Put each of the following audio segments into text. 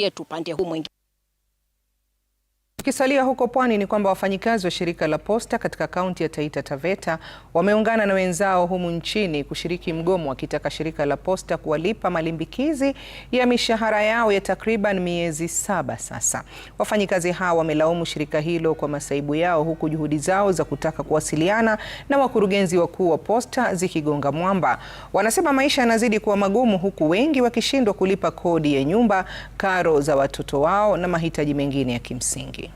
yetu upande huu mwingine. Tukisalia huko pwani ni kwamba wafanyikazi wa shirika la Posta katika kaunti ya Taita Taveta wameungana na wenzao humu nchini kushiriki mgomo wakitaka shirika la Posta kuwalipa malimbikizi ya mishahara yao ya takriban miezi saba sasa. Wafanyikazi hao wamelaumu shirika hilo kwa masaibu yao huku juhudi zao za kutaka kuwasiliana na wakurugenzi wakuu wa Posta zikigonga mwamba. Wanasema maisha yanazidi kuwa magumu huku wengi wakishindwa kulipa kodi ya nyumba, karo za watoto wao na mahitaji mengine ya kimsingi.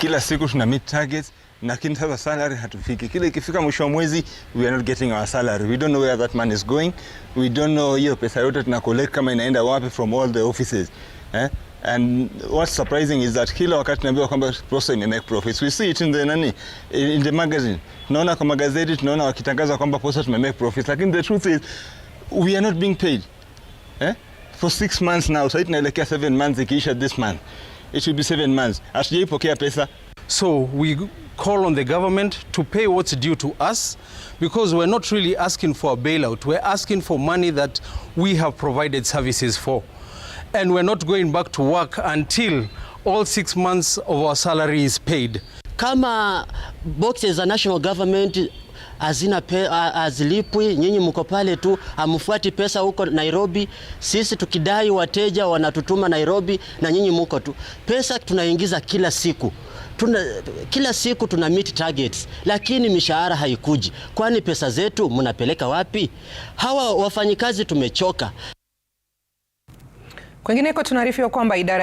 kila siku tuna meet targets lakini sasa salary hatufiki. Kile ikifika mwisho wa mwezi we are not getting our salary. We don't know where that money is going. We don't know hiyo pesa yote tuna collect kama inaenda wapi from all the offices. Eh? And what's surprising is that kila wakati tunaambiwa kwamba Proso ime make profits. We see it in the nani in the magazine. Tunaona kwa magazeti tunaona wakitangaza kwamba Proso tume make profits. Lakini the truth is we are not being paid. Eh? For six months now, sasa tunaelekea seven months ikiisha this month it should be seven months. Hatujaipokea pesa. So we call on the government to pay what's due to us because we're not really asking for a bailout. We're asking for money that we have provided services for. And we're not going back to work until all six months of our salary is paid. Kama boxes a national government hazina hazilipwi, nyinyi mko pale tu, amfuati pesa huko Nairobi. Sisi tukidai wateja wanatutuma Nairobi, na nyinyi mko tu. Pesa tunaingiza kila siku tuna, kila siku tuna meet targets, lakini mishahara haikuji. Kwani pesa zetu mnapeleka wapi? Hawa wafanyikazi tumechoka. Kwingineko tunaarifiwa kwamba idara